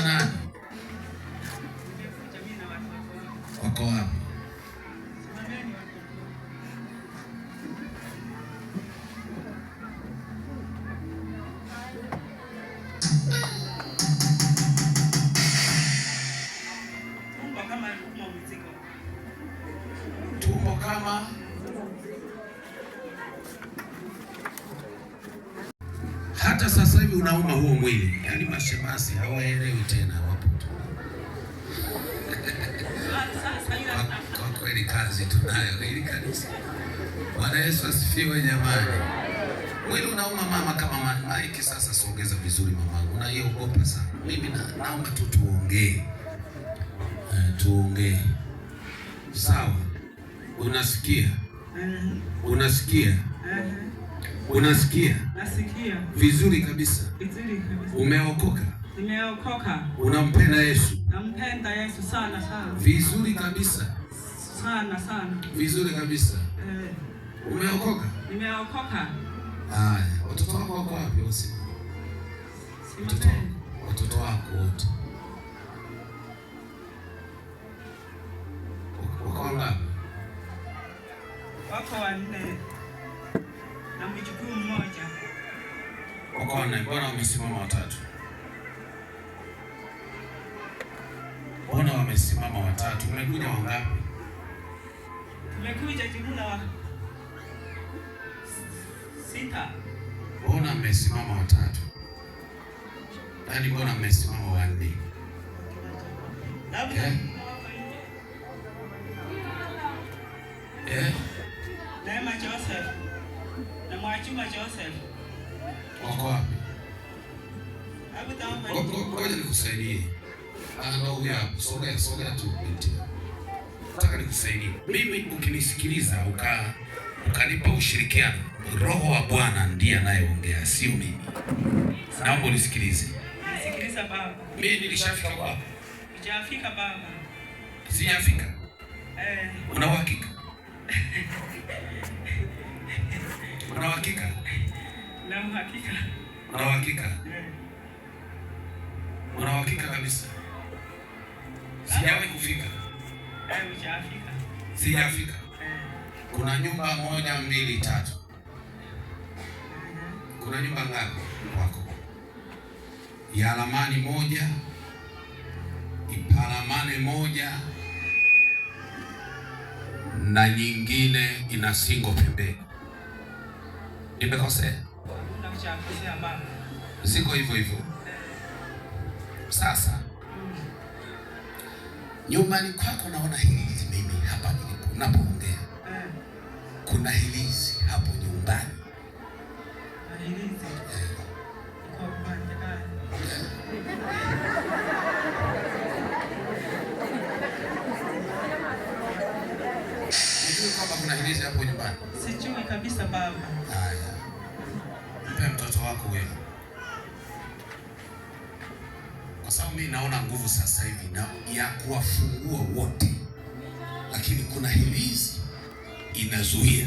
na nani? Wako wapi? hata sasa hivi unauma huo mwili. Yaani mashemasi hawaelewi tena wapo tu. Kwa kweli kazi tunayo ili kanisa. Bwana Yesu asifiwe jamani. Mwili unauma mama, kama maiki sasa songeza vizuri mamangu, unaiogopa sana. Mimi na naomba tu tuongee, uh, tuongee sawa. Unasikia? Mm-hmm. Unasikia? Unasikia? Nasikia. Vizuri kabisa. Vizuri kabisa. Umeokoka? Nimeokoka. Unampenda Yesu? Nampenda Yesu sana sana. Vizuri kabisa. Sana sana. Vizuri kabisa. Eh. Umeokoka? Nimeokoka. Haya, watoto wako wako wapi wote? Watoto wako wote. Wako wanne na mjukuu mmoja. Wakaona mbona wamesimama watatu? Mbona wamesimama watatu? Mmekuja wangapi? Tumekuja jumla sita. Mbona mmesimama watatu? Yaani mbona mmesimama wanne? Labda yeah. yeah chumba cha Joseph. Wako wapi? Hebu tazama. Ngoja nikusaidie. Ana ah, huyu hapo. Sogea, sogea tu binti. Nataka nikusaidie. Mimi ukinisikiliza ukaa ukanipa ushirikiano, Roho wa Bwana ndiye anayeongea, sio mimi. Naomba unisikilize. Sikiliza baba. Mimi nilishafika wapi? Sijafika baba. Sijafika. Eh. Una uhakika? Una uhakika? Na uhakika. Una uhakika? Una uhakika kabisa? Sijawahi kufika. Eh, Sijafika. Kuna nyumba moja, mbili, tatu. Kuna nyumba ngapi kwako? Ya Alamani moja, Ipalamane moja na nyingine ina singo pembeni nimekosea, ziko hivyo hivyo. Sasa nyumbani kwako naona hilizi mimi hapa napoongea, kuna hilizi hapo nyumbani Sijui kuna hilizi hapo nyumbani, sijui kabisa baba wako wewe, kwa sababu mimi naona nguvu sasa hivi na ya kuwafungua wote, lakini kuna himizi inazuia.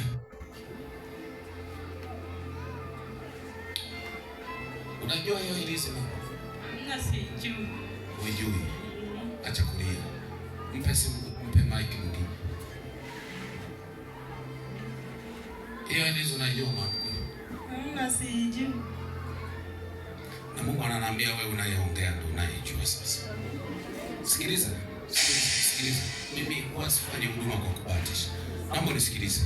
Unajua hiyo himizi Ujui, acha kulia. Mpe simu, mpe mike mwingine. Hiyo ndizo unajua mwanangu. Mna sijui. Mungu ananiambia wewe unayeongea ndio unayejua sasa. Sikiliza. Sikiliza. Mimi huwa sifanyi huduma kwa kubahatisha. Naomba nisikilize.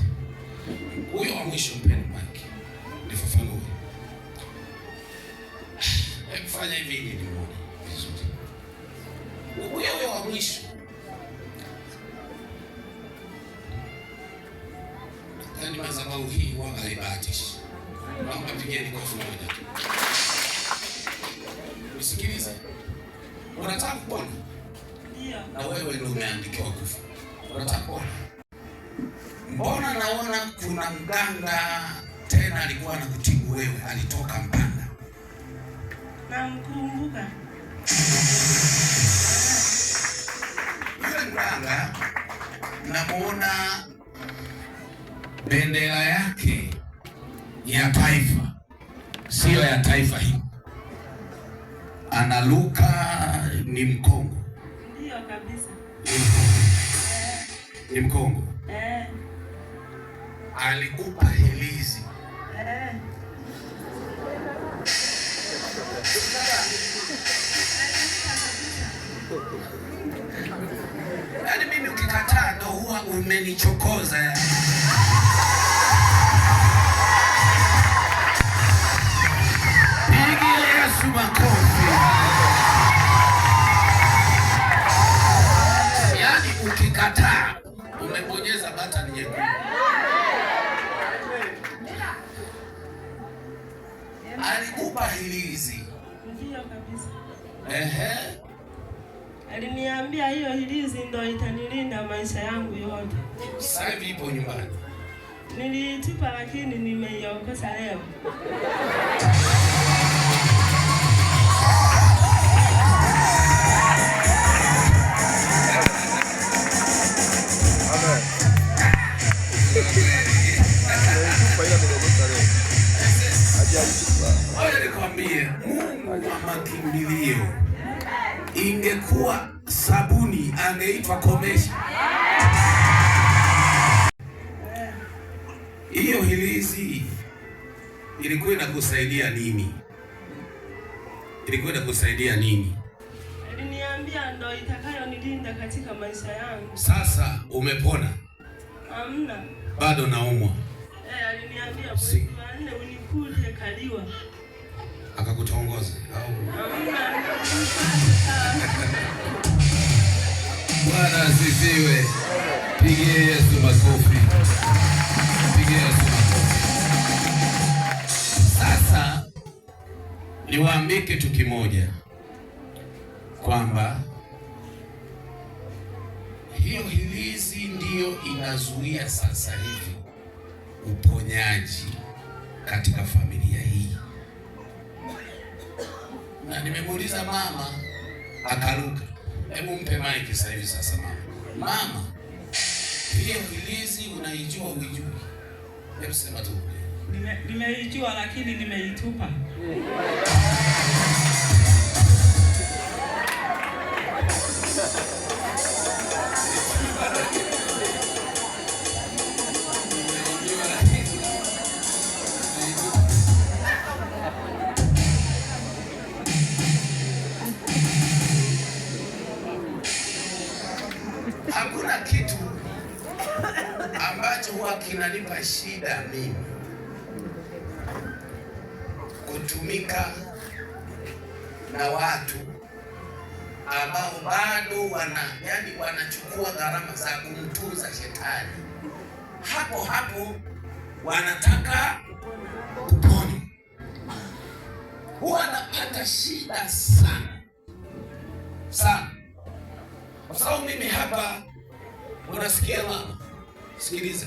Huyo wa mwisho mpeni Mike. Nifafanue. Fanya hivi ili nimuone vizuri. Huyo huyo wa mwisho yaani madhabahu hii huwa haibahatishi. Naomba pigeni kofi moja. Nisikilize, unataka kupona na wewe ndio umeandikiwa kufa. Unataka kupona? Mbona naona kuna mganga tena alikuwa anakutibu wewe, alitoka Mpanda, namkumbuka yule mganga, namuona bendera yake ya taifa, sio ya taifa hii analuka ni mkongo. Ndio kabisa. Ni mkongo. Eh. Alikupa hilizi. Eh. Yaani mimi ukikataa ndo huwa umenichokoza. Yaani. hilizi. Ndiyo kabisa. Ehe. Aliniambia hiyo hilizi ndio itanilinda maisha yangu yote. Sasa hivi ipo nyumbani. Nilitupa lakini nimeiokosa leo. Ayo nikwambie, Mungu wa makimbilio, ingekuwa sabuni angeitwa Komesha. Hiyo hilizi ilikuwa inakusaidia nini? Ilikuwa inakusaidia nini? Aliniambia ndo itakayonilinda katika maisha yangu. Sasa umepona? Hamna. Bado naumwa. Eh, aliniambia kule Kaliwa akakutongoza au? Bwana asifiwe! Pigie Yesu makofi, pigie Yesu makofi. Sasa niwaambie kitu kimoja kwamba hiyo hilizi ndiyo inazuia sasa hivi uponyaji katika familia hii. Na nimemuuliza mama akaruka. Hebu mpe mike sasa hivi. Sasa mama, mama, hiyo hilizi unaijua uijui? Hebu sema tu. Nimeijua, lakini nimeitupa. shida mimi kutumika na watu ambao bado wana yani wanachukua gharama za kumtunza shetani, hapo hapo wanataka kupona. Huwa anapata shida sana sana, kwa sababu mimi hapa unasikia mama, sikiliza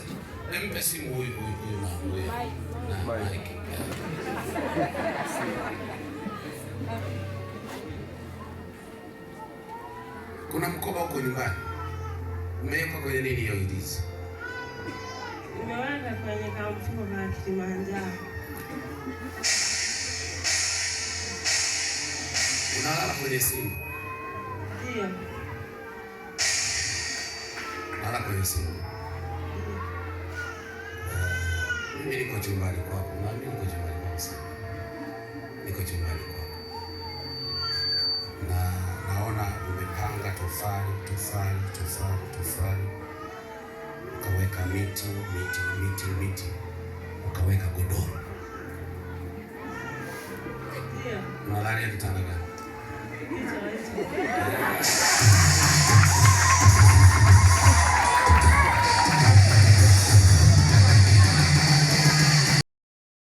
Nampe simu huyu huyu naongea na Mike. Kuna mkoba huko nyumbani umeweka kwenye nini hiyo hizi? Umeweka kwenye kamfuko na Kilimanjaro. Unalala kwenye simu? Ndio. Unalala kwenye simu mimi niko chumbani kwako, na mimi niko chumbani kwako sana, niko chumbani kwako na naona umepanga tofali tofali tofali tofali, ukaweka miti miti miti miti, ukaweka godoro. Malaria kitanda gani?